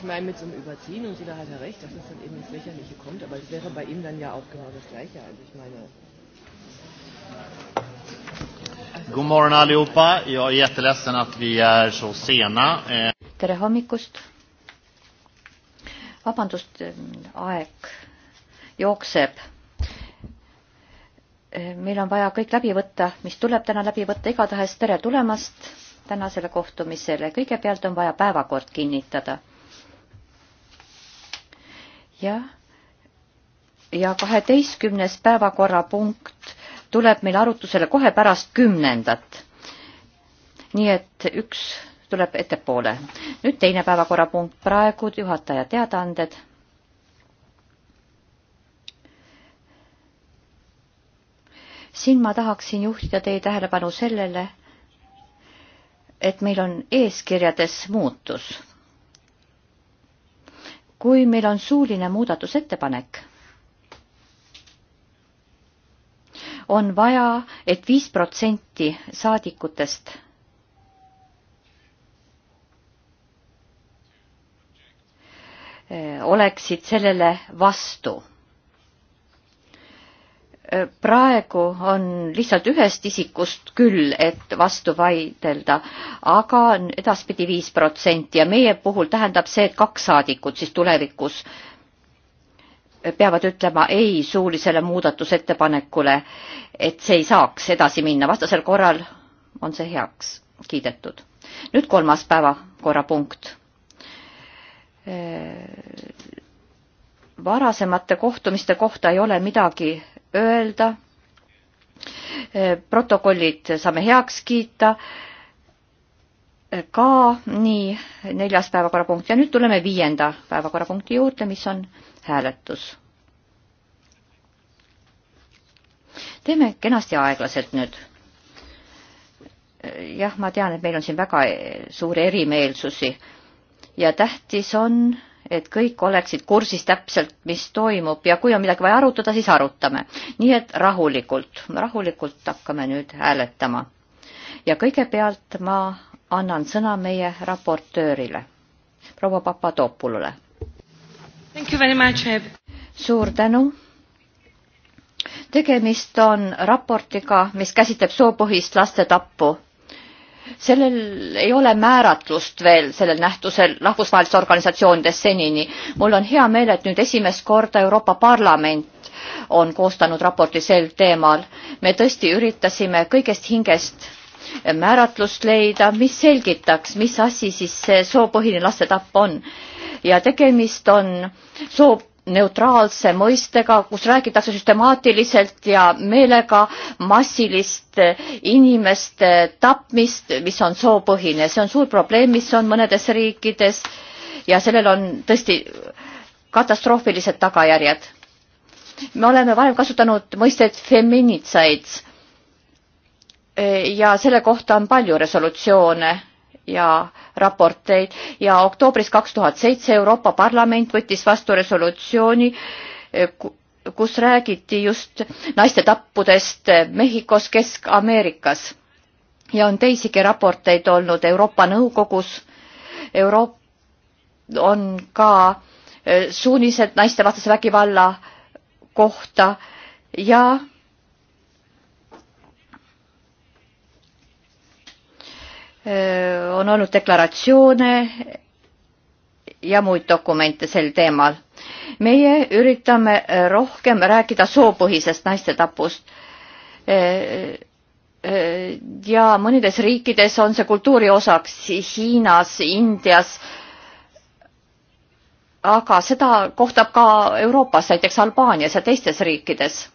Ich meine, mit so einem Überziehen und jeder hat ja er recht, dass es dann eben ins Lächerliche kommt, aber es wäre bei ihm dann ja auch genau das Gleiche. Also ich meine. God morgon allihopa. Jag är jätteledsen att vi är så sena. Tere hommikust. Vabandust, aeg jookseb. Meil on vaja kõik läbi võtta, mis tuleb täna läbi võtta. Igatahes tere tulemast tänasele kohtumisele. Kõigepealt on vaja päevakord kinnitada jah, ja kaheteistkümnes päevakorrapunkt tuleb meil arutusele kohe pärast kümnendat. nii et üks tuleb ettepoole. nüüd teine päevakorrapunkt, praegu juhataja teadaanded. siin ma tahaksin juhtida teie tähelepanu sellele, et meil on eeskirjades muutus kui meil on suuline muudatusettepanek, on vaja et, et viis protsenti saadikutest oleksid sellele vastu Äh, praegu on lihtsalt ühest isikust küll, et vastu vaidelda, aga edaspidi viis protsenti ja meie puhul tähendab see, et kaks saadikut siis tulevikus peavad ütlema ei suulisele muudatusettepanekule, et see ei saaks edasi minna, vastasel korral on see heaks kiidetud. nüüd kolmas päevakorrapunkt äh, varasemate kohtumiste kohta ei ole midagi öelda. Eh, protokollid saame heaks kiita eh, ka nii neljas päevakorrapunkt ja nüüd tuleme viienda päevakorrapunkti juurde, mis on hääletus. teeme kenasti aeglaselt nüüd. Eh, jah, ma tean, et meil on siin väga suuri erimeelsusi ja tähtis on et kõik oleksid kursis täpselt, mis toimub ja kui on midagi vaja arutada, siis arutame. nii et rahulikult, rahulikult hakkame nüüd hääletama. ja kõigepealt ma annan sõna meie raportöörile, proua Papadopulule. suur tänu tegemist on raportiga, mis käsitleb soopõhist laste tappu sellel ei ole määratlust veel, sellel nähtusel rahvusvahelistes organisatsioonides senini. mul on hea meel, et nüüd esimest korda Euroopa Parlament on koostanud raporti sel teemal. me tõesti üritasime kõigest hingest määratlust leida, mis selgitaks, mis asi siis see soopõhine lastetapp on. ja tegemist on soo neutraalse mõistega, kus räägitakse süstemaatiliselt ja meelega massilist inimeste tapmist, mis on soopõhine. see on suur probleem, mis on mõnedes riikides ja sellel on tõesti katastroofilised tagajärjed. me oleme varem kasutanud mõistet feminitsaid ja selle kohta on palju resolutsioone ja raporteid ja oktoobris kaks tuhat seitse Euroopa Parlament võttis vastu resolutsiooni, eh, kus räägiti just naiste tappudest Mehhikos, Kesk-Ameerikas ja on teisigi raporteid olnud Euroopa Nõukogus. Euroop- on ka eh, suunised naistevastase vägivalla kohta ja eh, on olnud deklaratsioone ja muid dokumente sel teemal. meie üritame äh, rohkem rääkida soopõhisest naistetapust. Äh, äh, ja mõnedes riikides on see kultuuri osaks Hiinas, Indias aga seda kohtab ka Euroopas, näiteks Albaanias ja teistes riikides.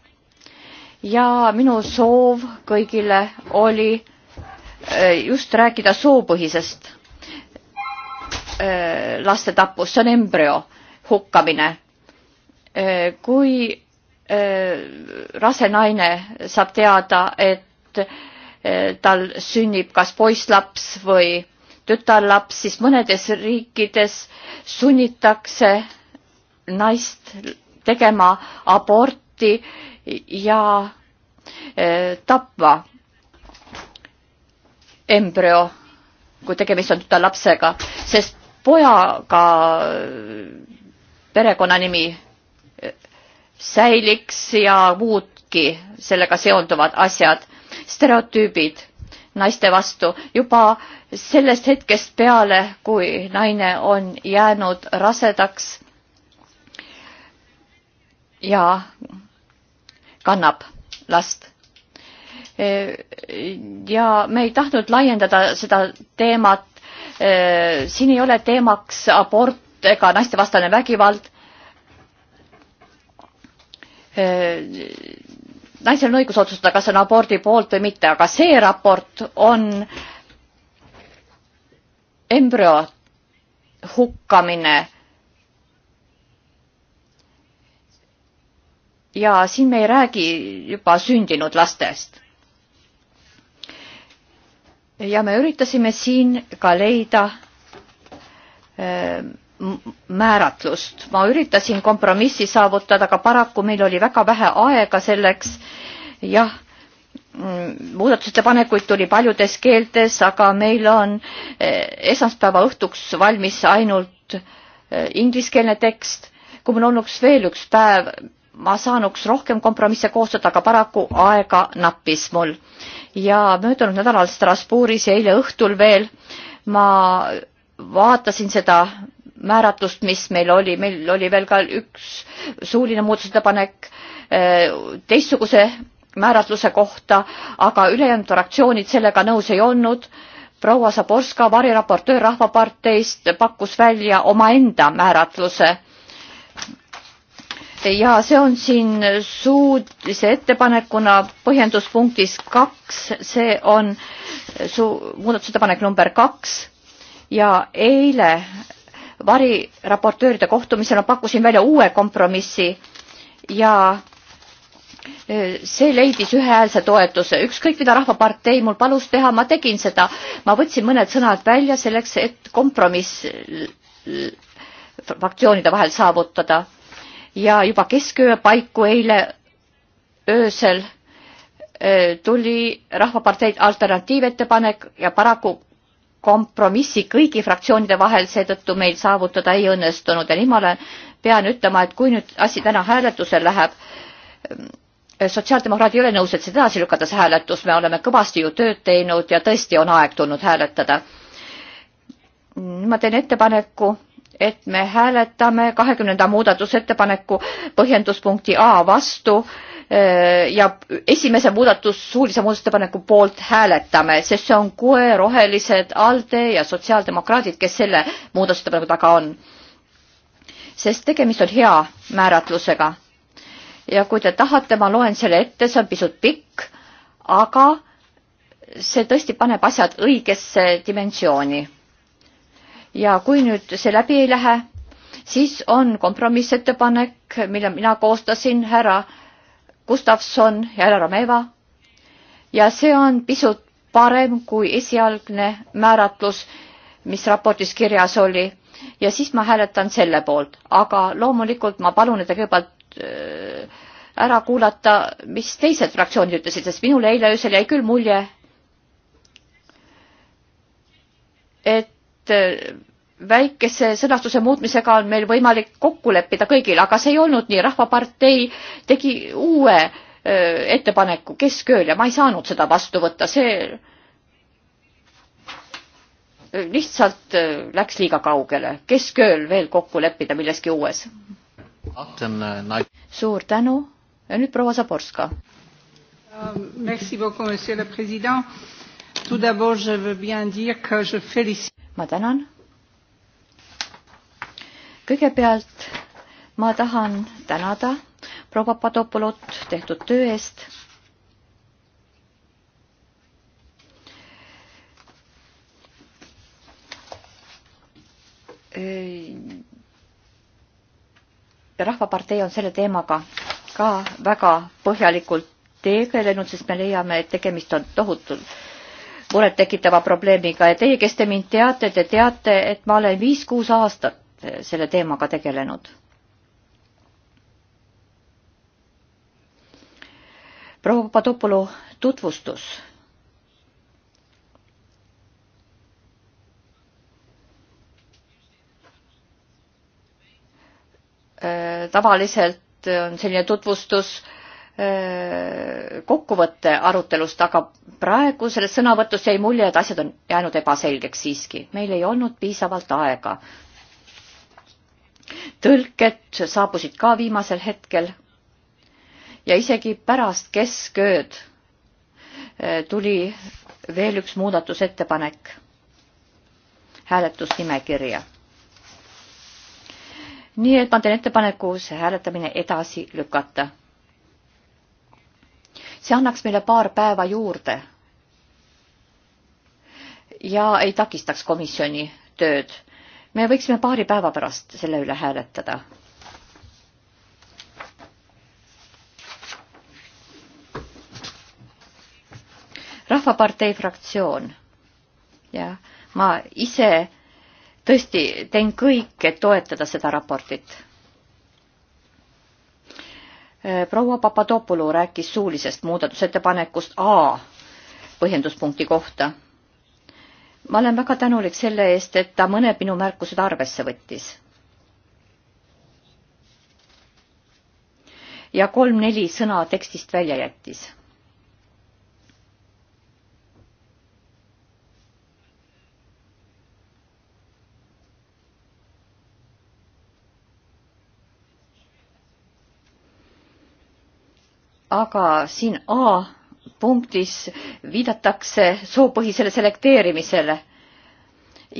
ja minu soov kõigile oli Äh, just rääkida soopõhisest äh, laste tapust, see on embrüo hukkamine. Äh, kui rase naine saab teada, et tal sünnib kas poisslaps või tütarlaps, siis mõnedes riikides sunnitakse naist tegema aborti ja tapma embrüo, kui tegemist on tütar lapsega, sest pojaga perekonnanimi säiliks ja muudki sellega seonduvad asjad, stereotüübid naiste vastu juba sellest hetkest peale, kui naine on jäänud rasedaks ja kannab last Äh, ja me ei tahtnud laiendada seda teemat. Äh, siin ei ole teemaks abort ega naistevastane vägivald. Äh, naisel on õigus otsustada, kas on abordi poolt või mitte, aga see raport on embrüo hukkamine ja siin me ei räägi juba sündinud lastest ja me üritasime siin ka leida äh, määratlust. ma üritasin kompromissi saavutada, aga paraku meil oli väga vähe aega selleks. jah, mm, muudatusettepanekuid tuli paljudes keeltes, aga meil on äh, esmaspäeva õhtuks valmis ainult äh, ingliskeelne tekst. kui mul olnuks veel üks päev ma saanuks rohkem kompromisse koostada, aga paraku aega nappis mul. ja möödunud nädalal Strasbourgis ja eile õhtul veel ma vaatasin seda määratlust, mis meil oli, meil oli veel ka üks suuline muudatusettepanek eh, teistsuguse määratluse kohta, aga ülejäänud fraktsioonid sellega nõus ei olnud. proua Zaborska, variraportöör Rahvaparteist, pakkus välja omaenda määratluse ja see on siin suudise ettepanekuna põhjenduspunktis kaks, see on su muudatusettepanek number kaks ja eile variraportööride kohtumisel ma pakkusin välja uue kompromissi ja e, see leidis ühehäälse toetuse, ükskõik mida Rahvapartei mul palus teha, ma tegin seda, ma võtsin mõned sõnad välja selleks, et kompromiss fraktsioonide vahel saavutada ja juba keskööö paiku eile öösel tuli Rahvapartei alternatiivettepanek ja paraku kompromissi kõigi fraktsioonide vahel seetõttu meil saavutada ei õnnestunud ja nii ma olen, pean ütlema, et kui nüüd asi täna hääletusel läheb, sotsiaaldemokraadid ei ole nõus, et seda edasi lükates hääletus, me oleme kõvasti ju tööd teinud ja tõesti on aeg tulnud hääletada. ma teen ettepaneku et me hääletame kahekümnenda muudatusettepaneku põhjenduspunkti A vastu eh, ja esimese muudatus, suulise muudatusettepaneku poolt hääletame, sest see on kohe rohelised, ALDE ja sotsiaaldemokraadid, kes selle muudatusettepaneku taga on. sest tegemist on hea määratlusega. ja kui te tahate, ma loen selle ette, see on pisut pikk, aga see tõesti paneb asjad õigesse dimensiooni ja kui nüüd see läbi ei lähe, siis on kompromissettepanek, mille mina koostasin härra Gustavson ja härra Romeva ja see on pisut parem kui esialgne määratlus, mis raportis kirjas oli ja siis ma hääletan selle poolt, aga loomulikult ma palun, et te kõigepealt äh, ära kuulata, mis teised fraktsioonid ütlesid, sest minul eile öösel jäi küll mulje, et Äh, väikese sõnastuse muutmisega on meil võimalik kokku leppida kõigil, aga see ei olnud nii. rahvapartei tegi uue äh, ettepaneku keskööl ja ma ei saanud seda vastu võtta, see äh, lihtsalt läks liiga kaugele. keskööl veel kokku leppida milleski uues. suur tänu ja nüüd proua Zaborska. Ähm, merci beaucoup, monsieur le president. Tout d'abord, je veux bien dire que je félicite ma tänan. kõigepealt ma tahan tänada proua Papadopolot tehtud töö eest. Äh, rahvapartei on selle teemaga ka väga põhjalikult tegelenud, sest me leiame, et tegemist on tohutult murettekitava probleemiga ja teie, kes te mind teate, te teate, et ma olen viis-kuus aastat selle teemaga tegelenud. proua Papadopolu tutvustus tavaliselt on selline tutvustus kokkuvõtte arutelust, aga praegu selles sõnavõtus jäi mulje, et asjad on jäänud ebaselgeks siiski. meil ei olnud piisavalt aega. tõlked saabusid ka viimasel hetkel ja isegi pärast keskööd tuli veel üks muudatusettepanek hääletusnimekirja. nii et ma teen ettepaneku see hääletamine edasi lükata see annaks meile paar päeva juurde. ja ei takistaks komisjoni tööd. me võiksime paari päeva pärast selle üle hääletada. rahvapartei fraktsioon. jah, ma ise tõesti teen kõik, et toetada seda raportit Äh, proua Papadopoulou rääkis suulisest muudatusettepanekust A põhjenduspunkti kohta. ma olen väga tänulik selle eest, et ta mõned minu märkused arvesse võttis. ja kolm-neli sõna tekstist välja jättis aga siin A punktis viidatakse soopõhisele selekteerimisele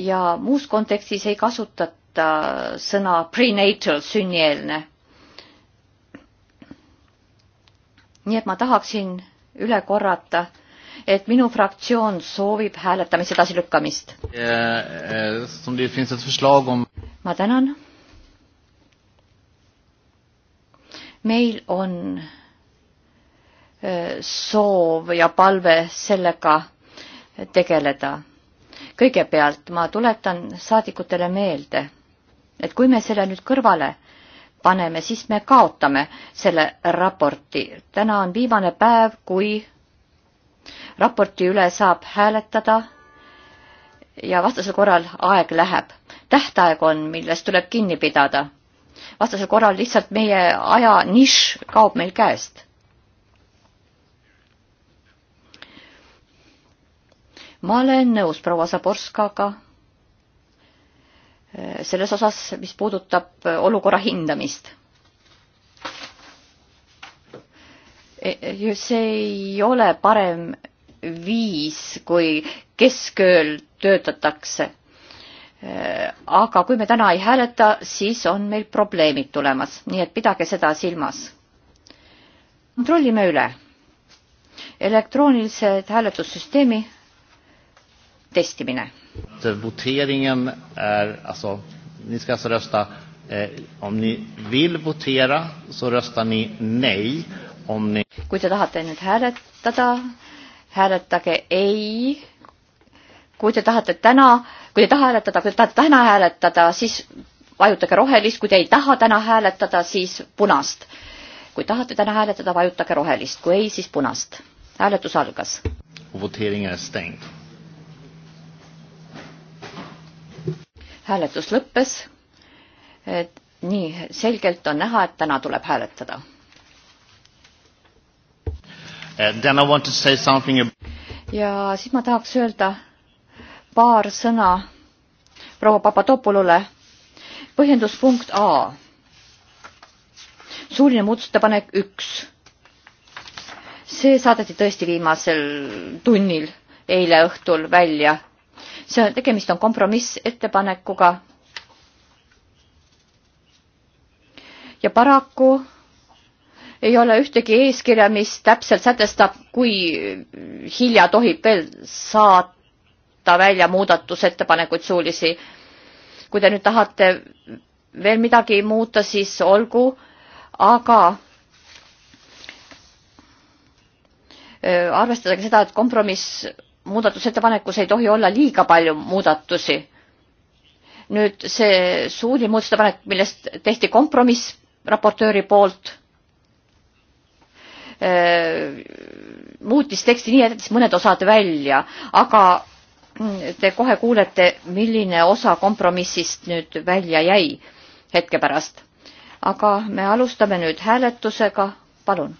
ja muus kontekstis ei kasutata sõna prenatal sünnieelne. nii et ma tahaksin üle korrata, et minu fraktsioon soovib hääletamise edasilükkamist. Eh, ma tänan. meil on soov ja palve sellega tegeleda. kõigepealt ma tuletan saadikutele meelde, et kui me selle nüüd kõrvale paneme, siis me kaotame selle raporti. täna on viimane päev, kui raporti üle saab hääletada ja vastasel korral aeg läheb. tähtaeg on, millest tuleb kinni pidada. vastasel korral lihtsalt meie aja nišš kaob meil käest ma olen nõus proua Zaborskaga äh, selles osas, mis puudutab äh, olukorra hindamist. E, see ei ole parem viis, kui keskööl töötatakse. Äh, aga kui me täna ei hääleta, siis on meil probleemid tulemas, nii et pidage seda silmas. kontrollime üle. elektroonilised hääletussüsteemi testimine. Voteringen är alltså, ni ska alltså rösta eh, om ni vill votera så röstar ni nej om ni kui te tahate nüüd hääletada, hääletage ei. kui te tahate täna, kui te ei taha hääletada, kui te tahate täna hääletada, siis vajutage rohelist, kui te ei taha täna hääletada, siis punast. kui tahate täna hääletada, vajutage rohelist, kui ei, siis punast. hääletus algas. votering on stängd hääletus lõppes. et nii selgelt on näha, et täna tuleb hääletada. ja siis ma tahaks öelda paar sõna proua Papadopolule. põhjenduspunkt A. suuline muudatusettepanek üks. see saadeti tõesti viimasel tunnil eile õhtul välja see on, tegemist on kompromissettepanekuga. ja paraku ei ole ühtegi eeskirja, mis täpselt sätestab, kui hilja tohib veel saata välja muudatusettepanekuid suulisi. kui te nüüd tahate veel midagi muuta, siis olgu, aga äh, arvestage seda, et kompromiss muudatusettepanekus ei tohi olla liiga palju muudatusi. nüüd see suurim muudatusettepanek, millest tehti kompromiss raportööri poolt, äh, muutis teksti nii, et jättis mõned osad välja, aga mm, te kohe kuulete, milline osa kompromissist nüüd välja jäi hetke pärast. aga me alustame nüüd hääletusega, palun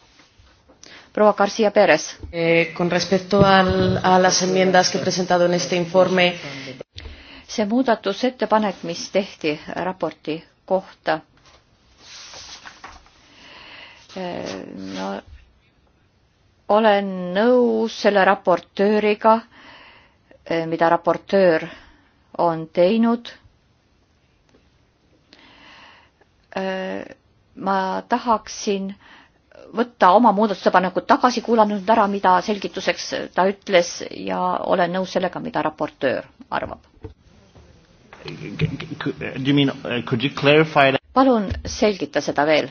proua Garcia Perez eh,. Con respecto al, a las enmiendas que presentado en este informe. see muudatusettepanek, mis tehti raporti kohta. no eh, olen nõus selle raportööriga, eh, mida raportöör on teinud. Eh, ma tahaksin äh, võtta oma muudatusepanekud tagasi, kuulanud ära, mida selgituseks ta ütles ja olen nõus sellega, mida raportöör arvab. Uh, palun selgita seda veel.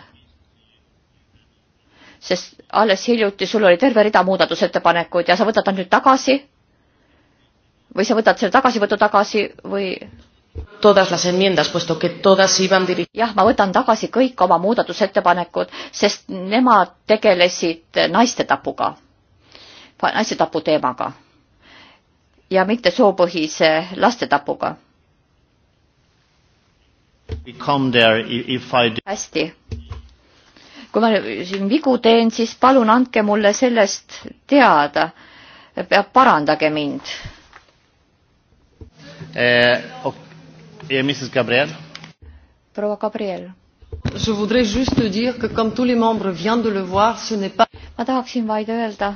sest alles hiljuti sul oli terve rida muudatusettepanekuid ja sa võtad nad nüüd tagasi? või sa võtad selle tagasivõtu tagasi või jah, ma võtan tagasi kõik oma muudatusettepanekud, sest nemad tegelesid naistetapuga, naistetapu teemaga ja mitte soopõhise lastetapuga. hästi. kui ma siin vigu teen, siis palun andke mulle sellest teada. parandage mind eh,. Okay proua Gabriel. ma tahaksin vaid öelda,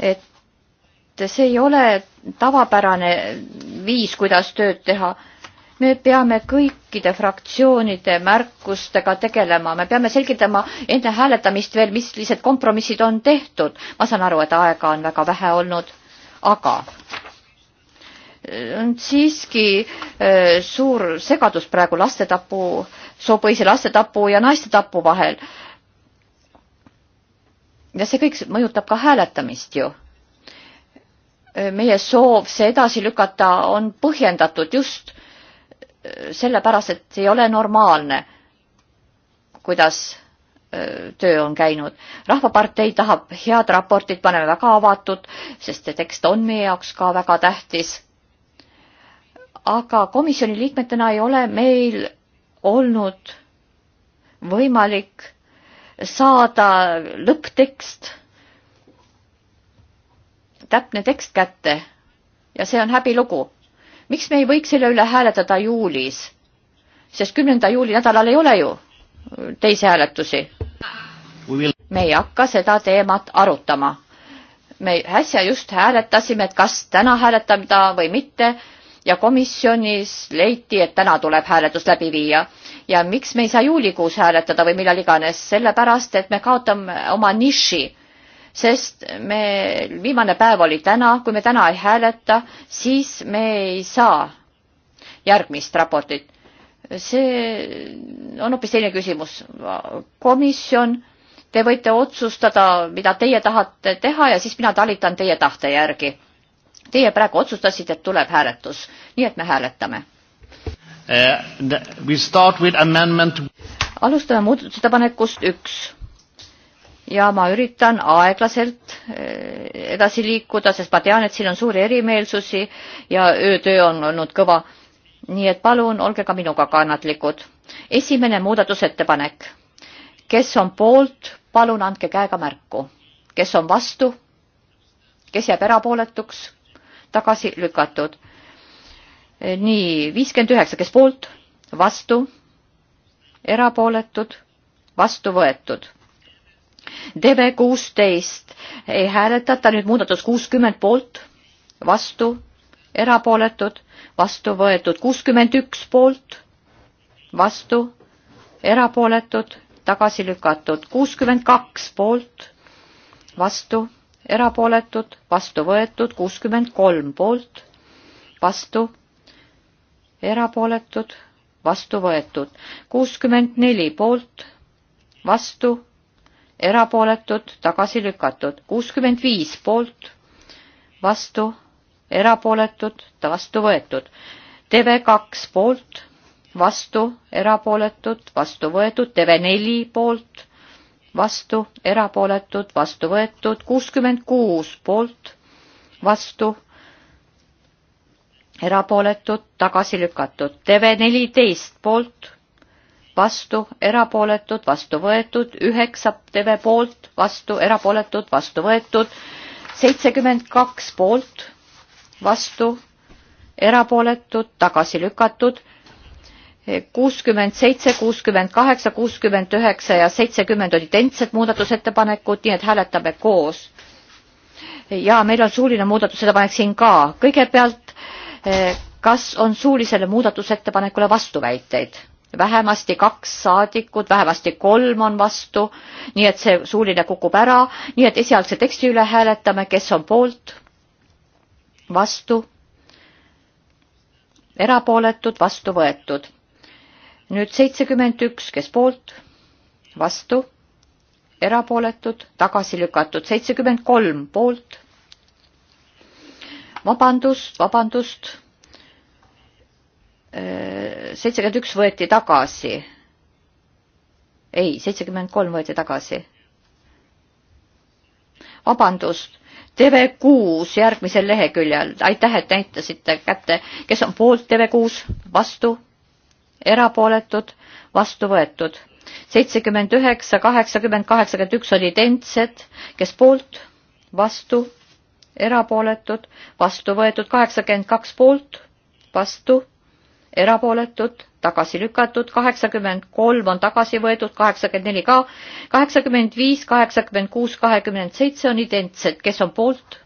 et see ei ole tavapärane viis, kuidas tööd teha. me peame kõikide fraktsioonide märkustega tegelema, me peame selgitama enne hääletamist veel, millised kompromissid on tehtud. ma saan aru, et aega on väga vähe olnud, aga on siiski äh, suur segadus praegu lastetapu, soopõhise lastetapu ja naistetapu vahel. ja see kõik mõjutab ka hääletamist ju. Äh, meie soov see edasi lükata on põhjendatud just äh, sellepärast, et ei ole normaalne, kuidas töö on käinud. rahvapartei tahab head raportit, me oleme väga avatud, sest see tekst on meie jaoks ka väga tähtis aga komisjoni liikmetena ei ole meil olnud võimalik saada lõpptekst, täpne tekst kätte ja see on häbilugu. miks me ei võiks selle üle hääletada juulis? sest kümnenda juuli nädalal ei ole ju teisi hääletusi. me ei hakka seda teemat arutama. me äsja just hääletasime, et kas täna hääletada või mitte ja komisjonis leiti, et täna tuleb hääletus läbi viia. ja miks me ei saa juulikuus hääletada või millal iganes, sellepärast et me kaotame oma niši sest me, viimane päev oli täna, kui me täna ei hääleta, siis me ei saa järgmist raportit. see on hoopis teine küsimus. komisjon, te võite otsustada, mida teie tahate teha ja siis mina talitan teie tahte järgi. Teie praegu otsustasite, et tuleb hääletus, nii et me hääletame uh,. alustame muudatusettepanekust üks ja ma üritan aeglaselt eh, edasi liikuda, sest ma tean, et siin on suuri erimeelsusi ja öötöö on olnud kõva. nii et palun, olge ka minuga kannatlikud. esimene muudatusettepanek. kes on poolt, palun andke käega märku. kes on vastu? kes jääb erapooletuks? tagasi lükatud. nii, viiskümmend üheksa, kes poolt, vastu, erapooletud, vastu võetud. DV kuusteist ei hääletata, nüüd muudatus kuuskümmend poolt, vastu, erapooletud, vastu võetud, kuuskümmend üks poolt, vastu, erapooletud, tagasi lükatud, kuuskümmend kaks poolt, vastu erapooletud, vastu võetud, kuuskümmend kolm poolt, vastu, erapooletud, vastu võetud, kuuskümmend neli poolt, vastu, erapooletud, tagasi lükatud, kuuskümmend viis poolt, vastu, erapooletud, vastu võetud, TV2 poolt, vastu, erapooletud, vastu võetud, TV4 poolt vastu, erapooletud, vastu võetud, kuuskümmend kuus poolt, vastu, erapooletud, tagasi lükatud, TV neliteist poolt, vastu, erapooletud, vastu võetud, üheksa TV poolt, vastu, erapooletud, vastu võetud, seitsekümmend kaks poolt, vastu, erapooletud, tagasi lükatud kuuskümmend seitse, kuuskümmend kaheksa, kuuskümmend üheksa ja seitsekümmend olid identsed muudatusettepanekud, nii et hääletame koos. ja meil on suuline muudatusettepanek siin ka. kõigepealt, eh, kas on suulisele muudatusettepanekule vastuväiteid? vähemasti kaks saadikut, vähemasti kolm on vastu, nii et see suuline kukub ära, nii et esialgse teksti üle hääletame, kes on poolt, vastu, erapooletud, vastu võetud nüüd seitsekümmend üks, kes poolt, vastu, erapooletud, tagasi lükatud, seitsekümmend kolm poolt. vabandust, vabandust. Äh, seitsekümmend üks võeti tagasi. ei, seitsekümmend kolm võeti tagasi. vabandust, TV6 järgmisel leheküljel, aitäh, et näitasite kätte, kes on poolt TV6, vastu erapooletud, vastu võetud. seitsekümmend üheksa, kaheksakümmend, kaheksakümmend üks on identsed, kes poolt, vastu, erapooletud, vastu võetud, kaheksakümmend kaks poolt, vastu, erapooletud, tagasi lükatud, kaheksakümmend kolm on tagasi võetud, kaheksakümmend neli ka, kaheksakümmend viis, kaheksakümmend kuus, kahekümmend seitse on identsed, kes on poolt,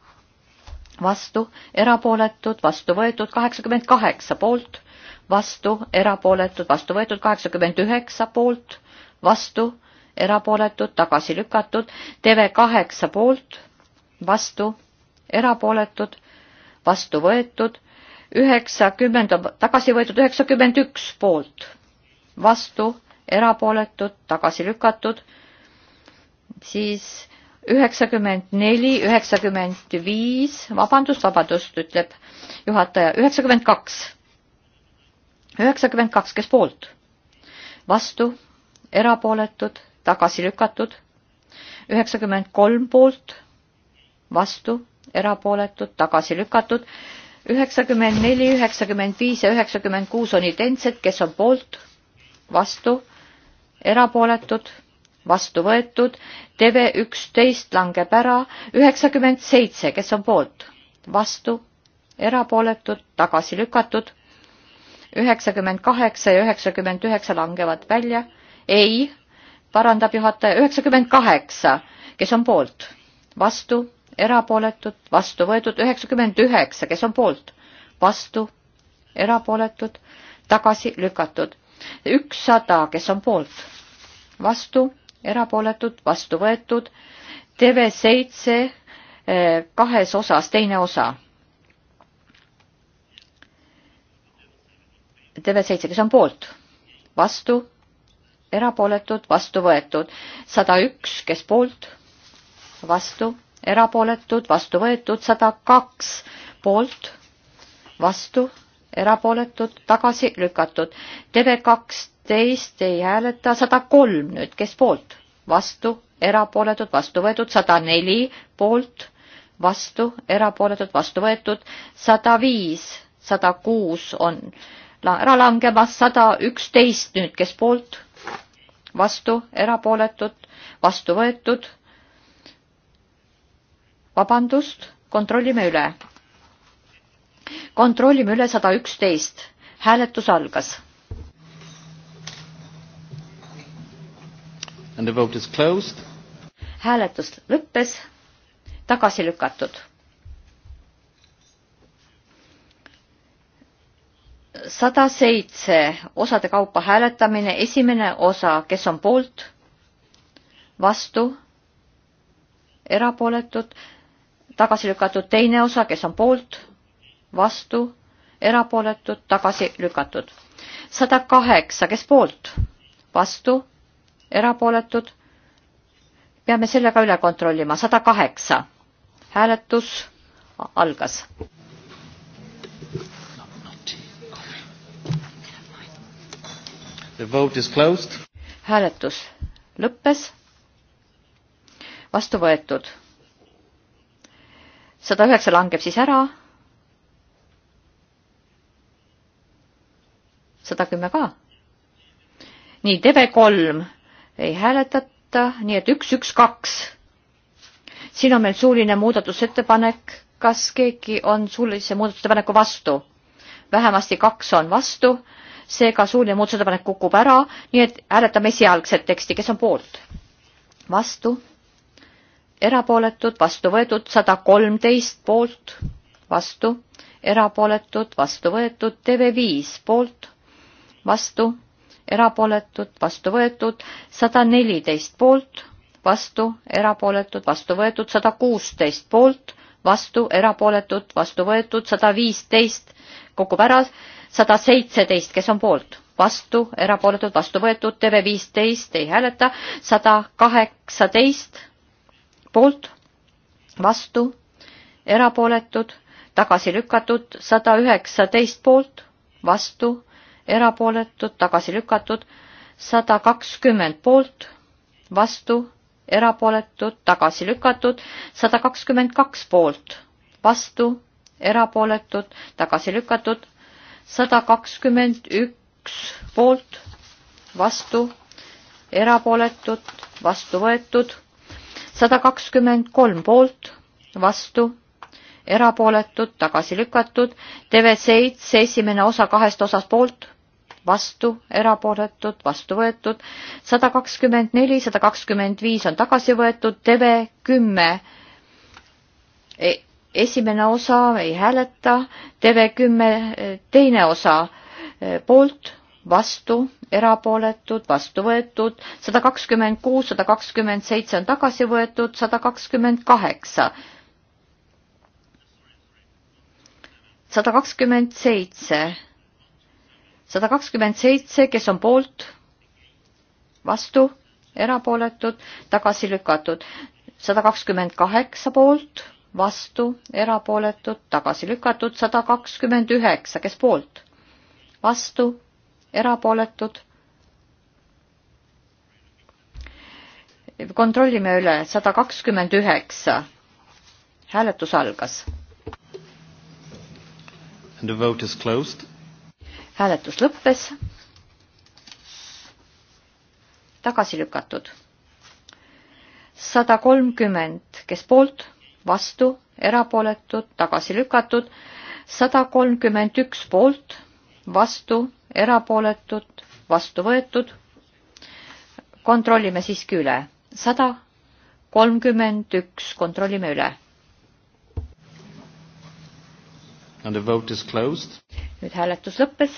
vastu, erapooletud, vastu võetud, kaheksakümmend kaheksa poolt vastu, erapooletud, vastu võetud kaheksakümmend üheksa poolt, vastu, erapooletud, tagasi lükatud, TV kaheksa poolt, vastu, erapooletud, vastu võetud, üheksakümmend on tagasi võetud, üheksakümmend üks poolt, vastu, erapooletud, tagasi lükatud, siis üheksakümmend neli, üheksakümmend viis, vabandust, vabandust, ütleb juhataja, üheksakümmend kaks üheksakümmend kaks, kes poolt? vastu, erapooletud, tagasi lükatud. üheksakümmend kolm poolt, vastu, erapooletud, tagasi lükatud. üheksakümmend neli, üheksakümmend viis ja üheksakümmend kuus on identsed, kes on poolt, vastu, erapooletud, vastu võetud. TV üksteist langeb ära, üheksakümmend seitse, kes on poolt, vastu, erapooletud, tagasi lükatud üheksakümmend kaheksa ja üheksakümmend üheksa langevad välja. ei, parandab juhataja, üheksakümmend kaheksa, kes on poolt, vastu, erapooletud, vastu võetud, üheksakümmend üheksa, kes on poolt, vastu, erapooletud, tagasi lükatud. ükssada, kes on poolt, vastu, erapooletud, vastu võetud, TV seitse eh, kahes osas, teine osa terve seitse, kes on poolt, vastu, erapooletud, vastu võetud, sada üks, kes poolt, vastu, erapooletud, vastu võetud, sada kaks poolt, vastu, erapooletud, tagasi lükatud, TV kaksteist ei hääleta, sada kolm nüüd, kes poolt, vastu, erapooletud, vastu võetud, sada neli poolt, vastu, erapooletud, vastu võetud, sada viis, sada kuus on ära langemas, sada üksteist nüüd, kes poolt, vastu, erapooletud, vastu võetud. vabandust, kontrollime üle. kontrollime üle sada üksteist, hääletus algas. hääletus lõppes, tagasi lükatud sada seitse osade kaupa hääletamine, esimene osa, kes on poolt, vastu, erapooletud, tagasi lükatud, teine osa, kes on poolt, vastu, erapooletud, tagasi lükatud. sada kaheksa, kes poolt, vastu, erapooletud, peame selle ka üle kontrollima, sada kaheksa. hääletus algas. hääletus lõppes. vastu võetud. sada üheksa langeb siis ära. sada kümme ka. nii, TV3 ei hääletata, nii et üks, üks, kaks. siin on meil suuline muudatusettepanek. kas keegi on suulise muudatusettepaneku vastu? vähemasti kaks on vastu seega suuline muudatusettepanek kukub ära, nii et hääletame esialgset teksti, kes on poolt? vastu? erapooletud, vastu võetud, sada kolmteist poolt, vastu, erapooletud, vastu võetud, TV5 poolt, vastu, erapooletud, vastu võetud, sada neliteist poolt, vastu, erapooletud, vastu võetud, sada kuusteist poolt, vastu, erapooletud, vastu võetud, sada viisteist kogub ära, sada seitseteist, kes on poolt, vastu, erapooletud, vastu võetud, TV viisteist ei hääleta, sada kaheksateist poolt, vastu, erapooletud, tagasi lükatud, sada üheksateist poolt, vastu, erapooletud, tagasi lükatud, sada kakskümmend poolt, vastu erapooletud, tagasi lükatud, sada kakskümmend kaks poolt, vastu, erapooletud, tagasi lükatud, sada kakskümmend üks poolt, vastu, erapooletud, vastu võetud, sada kakskümmend kolm poolt, vastu, erapooletud, tagasi lükatud, TV7 esimene osa kahest osast poolt vastu erapooletud, vastu võetud, sada kakskümmend neli, sada kakskümmend viis on tagasi võetud, TV kümme. E-, esimene osa ei hääleta, TV kümme e, teine osa e, poolt, vastu, erapooletud, vastu võetud, sada kakskümmend kuus, sada kakskümmend seitse on tagasi võetud, sada kakskümmend kaheksa sada kakskümmend seitse sada kakskümmend seitse, kes on poolt, vastu, erapooletud, tagasi lükatud. sada kakskümmend kaheksa poolt, vastu, erapooletud, tagasi lükatud. sada kakskümmend üheksa, kes poolt, vastu, erapooletud. kontrollime üle, sada kakskümmend üheksa. hääletus algas. And the vote is closed hääletus lõppes. tagasi lükatud. sada kolmkümmend, kes poolt, vastu, erapooletud, tagasi lükatud. sada kolmkümmend üks poolt, vastu, erapooletud, vastu võetud. kontrollime siiski üle. sada kolmkümmend üks, kontrollime üle And the vote is closed. nüüd hääletus lõppes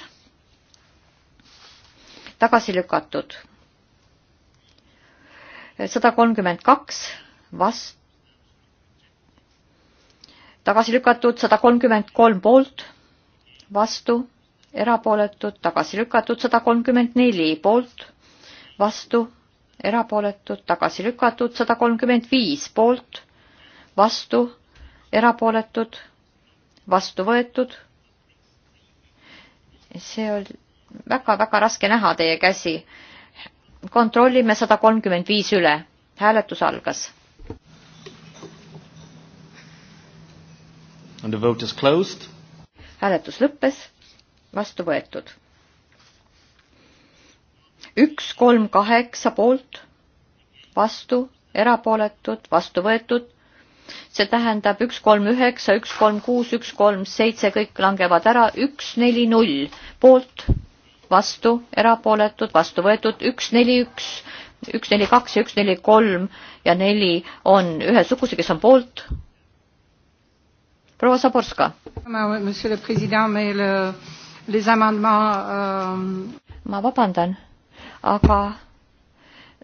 tagasi lükatud. sada kolmkümmend kaks vast-, tagasi lükatud sada kolmkümmend kolm poolt, vastu, erapooletud, tagasi lükatud sada kolmkümmend neli poolt, vastu, erapooletud, tagasi lükatud sada kolmkümmend viis poolt, vastu, erapooletud, vastu võetud. see oli väga-väga raske näha teie käsi. kontrollime sada kolmkümmend viis üle. hääletus algas. And the vote is closed. hääletus lõppes, vastu võetud. üks, kolm, kaheksa poolt, vastu, erapooletud, vastu võetud see tähendab üks, kolm, üheksa, üks, kolm, kuus, üks, kolm, seitse, kõik langevad ära, üks, neli, null poolt, vastu, erapooletud, vastu võetud, üks, neli, üks, üks, neli, kaks ja üks, neli, kolm ja neli on ühesugused, kes on poolt. proua Saborska. Euh, ma vabandan, aga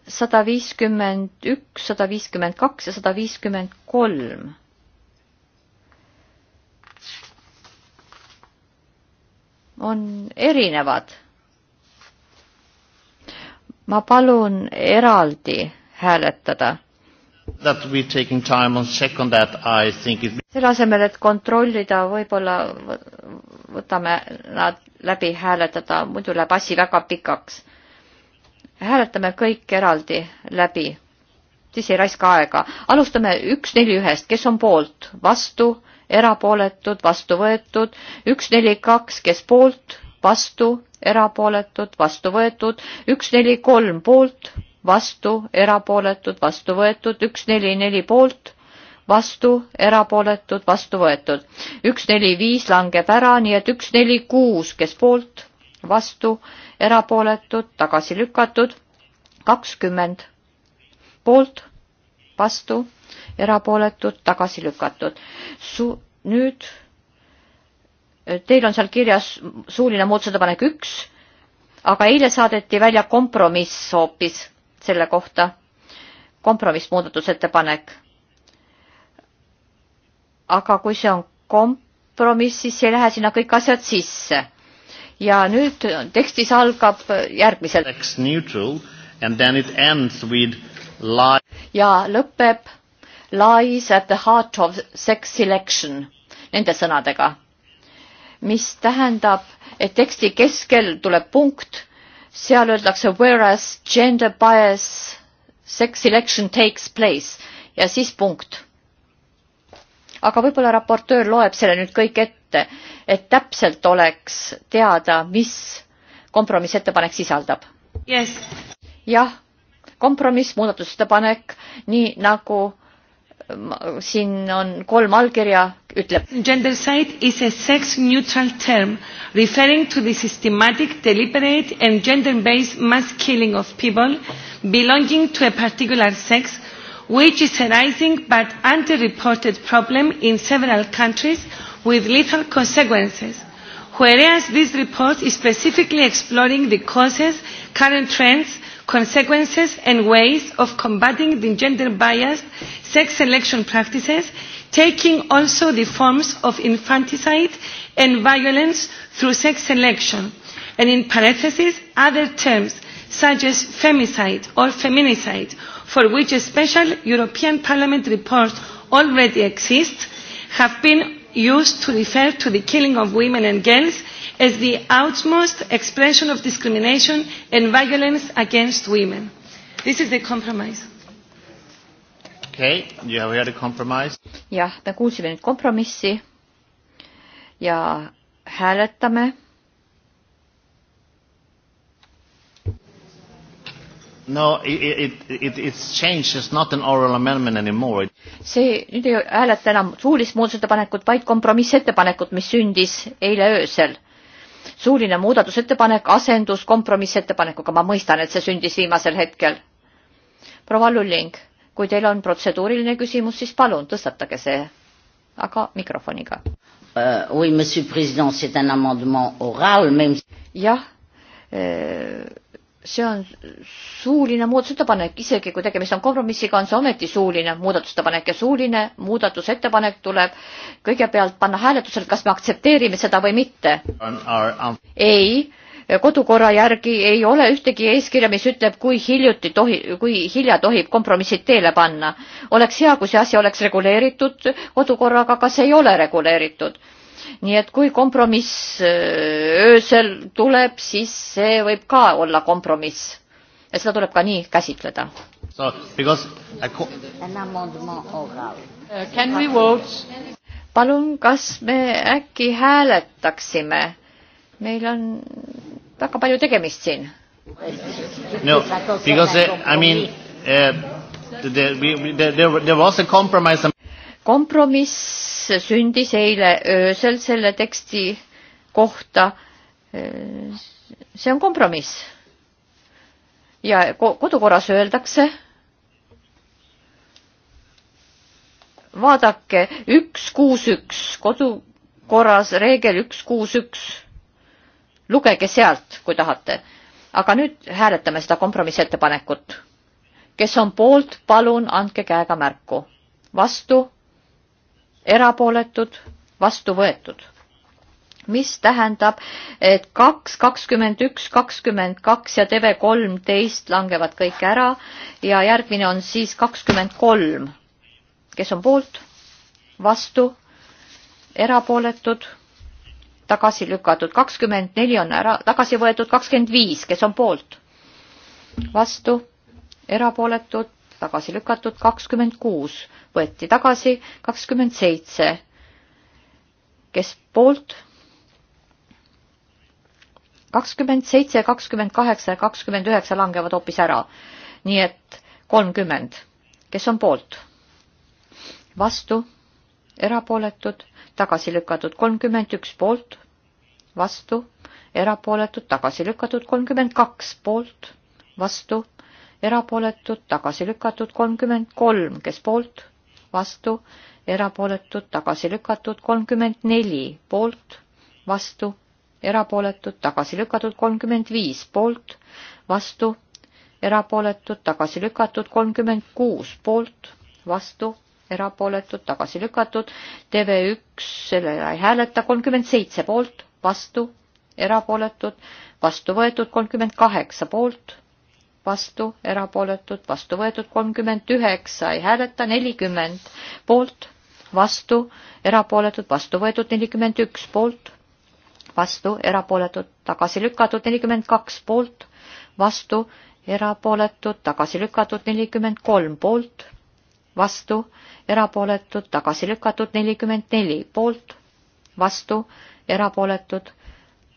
sada viiskümmend üks, sada viiskümmend kaks ja sada viiskümmend kolm on erinevad ma palun eraldi hääletada. selle asemel, et kontrollida, võib-olla võtame nad läbi hääletada, muidu läheb asi väga pikaks. hääletame kõik eraldi läbi, siis ei raiska aega. alustame üks neli ühest, kes on poolt, vastu, erapooletud, vastu võetud, üks neli kaks, kes poolt, vastu, erapooletud, vastu võetud, üks, neli, kolm poolt, vastu, erapooletud, vastu võetud, üks, neli, neli poolt, vastu, erapooletud, vastu võetud. üks, neli, viis langeb ära, nii et üks, neli, kuus, kes poolt, vastu, erapooletud, tagasi lükatud, kakskümmend poolt, vastu, erapooletud, tagasi lükatud. Su-, nüüd Teil on seal kirjas suuline muudatusettepanek üks, aga eile saadeti välja kompromiss hoopis selle kohta, kompromiss muudatusettepanek. aga kui see on kompromiss, siis ei lähe sinna kõik asjad sisse. ja nüüd tekstis algab järgmiselt. ja lõpeb lies at the heart of sex selection nende sõnadega mis tähendab, et teksti keskel tuleb punkt, seal öeldakse whereas gender bias sex selection takes place ja siis punkt. aga võib-olla raportöör loeb selle nüüd kõik ette, et täpselt oleks teada, mis kompromissettepanek sisaldab yes.. jah, kompromiss, muudatusettepanek, nii nagu siin on kolm allkirja ütleb. Gendercide is a sex neutral term referring to the systematic, deliberate and gender based mass killing of people belonging to a particular sex which is a rising but underreported problem in several countries with lethal consequences. Whereas this report is specifically exploring the causes, current trends, consequences and ways of combating the gender biased sex selection practices taking also the forms of infanticide and violence through sex selection, and in parentheses, other terms such as femicide or feminicide, for which a special European Parliament report already exists, have been used to refer to the killing of women and girls as the outmost expression of discrimination and violence against women. This is the compromise okei okay., yeah we had a compromise. jah, me kuulsime nüüd kompromissi ja hääletame. no it, it, it's changed, it's not an oral amendment anymore. see nüüd ei hääleta enam suulist muudatusettepanekut, vaid kompromissettepanekut, mis sündis eile öösel suuline muudatusettepanek asendus kompromissettepanekuga, ma mõistan, et see sündis viimasel hetkel. proua Lulling kui teil on protseduuriline küsimus, siis palun tõstatage see, aga mikrofoniga. Euh, jah, äh, see on suuline muudatusettepanek, isegi kui tegemist on kompromissiga, on see ometi suuline muudatusettepanek ja suuline muudatusettepanek tuleb kõigepealt panna hääletusele, kas me aktsepteerime seda või mitte. ei kodukorra järgi ei ole ühtegi eeskirja, mis ütleb, kui hiljuti tohi, kui hilja tohib kompromissid teele panna. oleks hea, kui see asi oleks reguleeritud kodukorraga, aga see ei ole reguleeritud nii et kui kompromiss äh, öösel tuleb, siis see võib ka olla kompromiss. ja seda tuleb ka nii käsitleda. Uh, palun, kas me äkki hääletaksime? meil on väga palju tegemist siin. no because uh, I mean uh, there, there, there was a compromise. kompromiss sündis eile öösel selle teksti kohta. Äh, see on kompromiss. ja kodukorras öeldakse vaadake üks kuus üks kodukorras reegel üks kuus üks lugege sealt, kui tahate. aga nüüd hääletame seda kompromissettepanekut. kes on poolt, palun andke käega märku. vastu, erapooletud, vastu võetud mis tähendab, et kaks, kakskümmend üks, kakskümmend kaks ja TV kolmteist langevad kõik ära ja järgmine on siis kakskümmend kolm. kes on poolt, vastu, erapooletud, tagasi lükatud, kakskümmend neli on ära tagasi võetud, kakskümmend viis, kes on poolt? vastu, erapooletud, tagasi lükatud, kakskümmend kuus võeti tagasi, kakskümmend seitse, kes poolt? kakskümmend seitse, kakskümmend kaheksa ja kakskümmend üheksa langevad hoopis ära. nii et kolmkümmend, kes on poolt? vastu erapooletud, tagasi lükatud kolmkümmend üks poolt, vastu, erapooletud, tagasi lükatud kolmkümmend kaks poolt, vastu, erapooletud, tagasi lükatud kolmkümmend kolm, kes poolt, vastu, erapooletud, tagasi lükatud kolmkümmend neli poolt, vastu, erapooletud, tagasi lükatud kolmkümmend viis poolt, vastu, erapooletud, tagasi lükatud kolmkümmend kuus poolt, vastu erapooletud, tagasi lükatud. TV1 selle ei hääleta, kolmkümmend seitse poolt, vastu, erapooletud, vastu võetud kolmkümmend kaheksa poolt, vastu, erapooletud, vastu võetud kolmkümmend üheksa, ei hääleta nelikümmend poolt, vastu, erapooletud, vastu võetud nelikümmend üks poolt, vastu, erapooletud, tagasi lükatud nelikümmend kaks poolt, vastu, erapooletud, tagasi lükatud nelikümmend kolm poolt vastu, erapooletud, tagasi lükatud, nelikümmend neli poolt, vastu, erapooletud,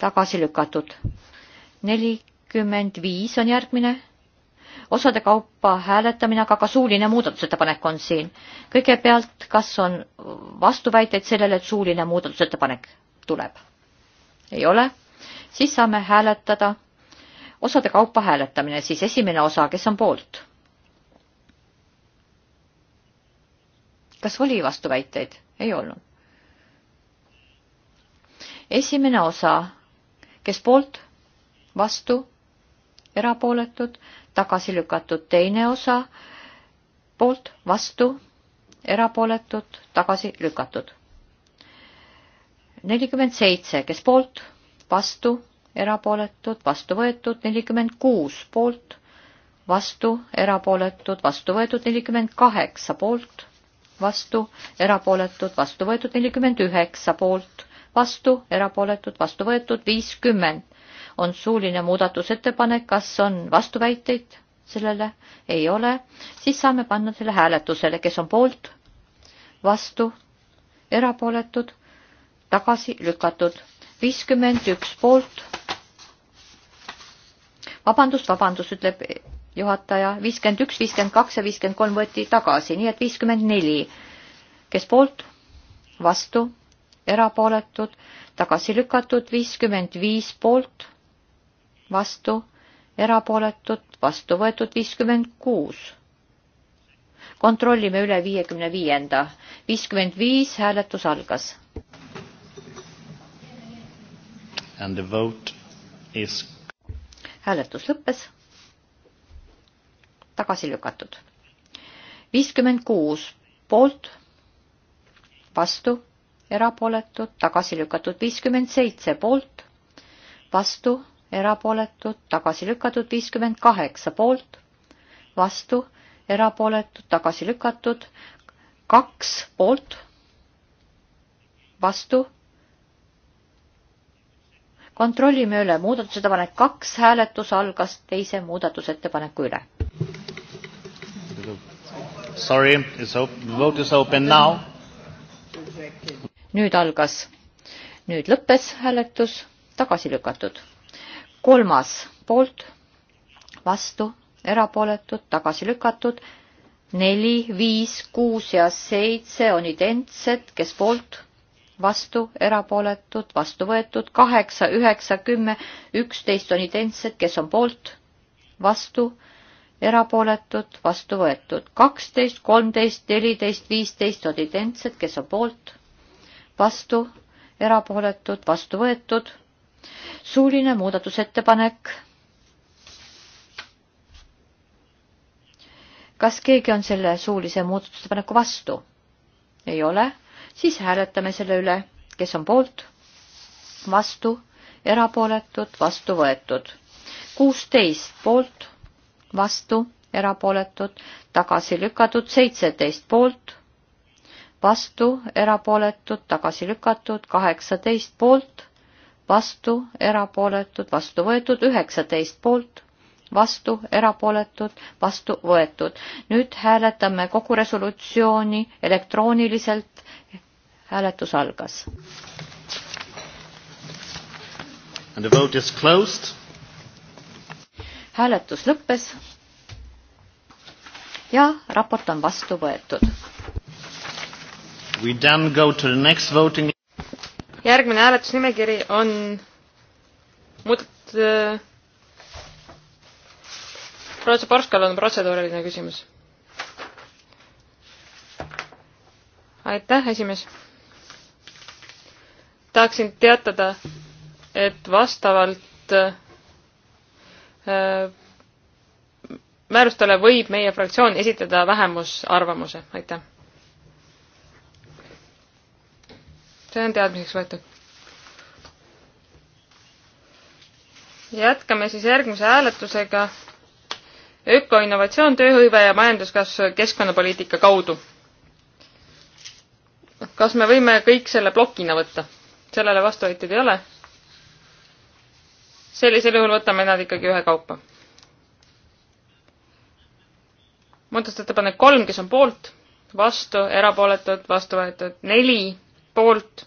tagasi lükatud. nelikümmend viis on järgmine osade kaupa hääletamine, aga ka suuline muudatusettepanek on siin. kõigepealt, kas on vastuväiteid sellele, et suuline muudatusettepanek tuleb? ei ole? siis saame hääletada osade kaupa hääletamine, siis esimene osa, kes on poolt? kas oli vastuväiteid? ei olnud. esimene osa, kes poolt, vastu, erapooletud, tagasi lükatud, teine osa, poolt, vastu, erapooletud, tagasi lükatud. nelikümmend seitse, kes poolt, vastu, erapooletud, vastu võetud, nelikümmend kuus poolt, vastu, erapooletud, vastu võetud, nelikümmend kaheksa poolt vastu, erapooletud, vastu võetud nelikümmend üheksa poolt, vastu, erapooletud, vastu võetud viiskümmend. on suuline muudatusettepanek, kas on vastuväiteid sellele? ei ole, siis saame panna selle hääletusele, kes on poolt, vastu, erapooletud, tagasi lükatud, viiskümmend üks poolt. vabandust, vabandust, ütleb juhataja, viiskümmend üks, viiskümmend kaks ja viiskümmend kolm võeti tagasi, nii et viiskümmend neli. kes poolt, vastu, erapooletud, tagasi lükatud, viiskümmend viis poolt, vastu, erapooletud, vastu võetud viiskümmend kuus. kontrollime üle viiekümne viienda. viiskümmend viis hääletus algas. And the vote is hääletus lõppes tagasi lükatud. viiskümmend kuus poolt, vastu, erapooletud, tagasi lükatud, viiskümmend seitse poolt, vastu, erapooletud, tagasi lükatud, viiskümmend kaheksa poolt, vastu, erapooletud, tagasi lükatud, kaks poolt, vastu. kontrollime üle, muudatusettepanek kaks, hääletus algas teise muudatusettepaneku üle Sorry, it's open, vote is open now. nüüd algas, nüüd lõppes hääletus, tagasi lükatud. kolmas poolt, vastu, erapooletud, tagasi lükatud. neli, viis, kuus ja seitse on identsed, kes poolt, vastu, erapooletud, vastu võetud. kaheksa, üheksa, kümme, üksteist on identsed, kes on poolt, vastu erapooletud, vastu võetud. kaksteist, kolmteist, neliteist, viisteist on identsed, kes on poolt, vastu, erapooletud, vastu võetud. suuline muudatusettepanek. kas keegi on selle suulise muudatusettepaneku vastu? ei ole, siis hääletame selle üle, kes on poolt, vastu, erapooletud, vastu võetud. kuusteist poolt vastu, erapooletud, tagasi lükatud, seitseteist poolt, vastu, erapooletud, tagasi lükatud, kaheksateist poolt, vastu, erapooletud, vastu võetud, üheksateist poolt, vastu, erapooletud, vastu võetud. nüüd hääletame kogu resolutsiooni elektrooniliselt. hääletus algas. And the vote is closed hääletus lõppes ja raport on vastu võetud. järgmine hääletusnimekiri on muud Rootsi Porskal on protseduuriline küsimus. aitäh, esimees. tahaksin teatada, et vastavalt Äh, määrustele võib meie fraktsioon esitada vähemusarvamuse, aitäh. see on teadmiseks võetud. jätkame siis järgmise hääletusega. ökoinnovatsioon, tööhõive ja majanduskasv keskkonnapoliitika kaudu. kas me võime kõik selle plokina võtta? sellele vastuväiteid ei ole sellisel juhul võtame nad ikkagi ühekaupa. muudatusettepanek kolm, kes on poolt, vastu, erapooletud, vastu võetud, neli poolt,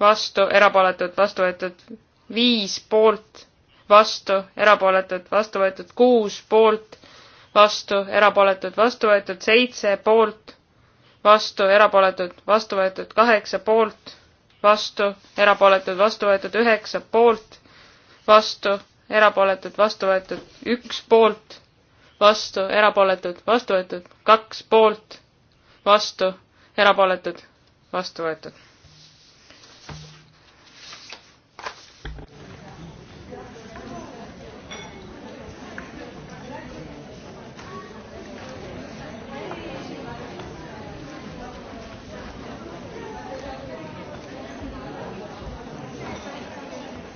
vastu, erapooletud, vastu võetud, viis poolt, vastu, erapooletud, vastu võetud, kuus poolt, vastu, erapooletud, vastu võetud, seitse poolt, vastu, erapooletud, vastu võetud, kaheksa poolt, vastu, erapooletud, vastu võetud, üheksa poolt vastu, erapooletud, vastu võetud, üks poolt, vastu, erapooletud, vastu võetud, kaks poolt, vastu, erapooletud, vastu võetud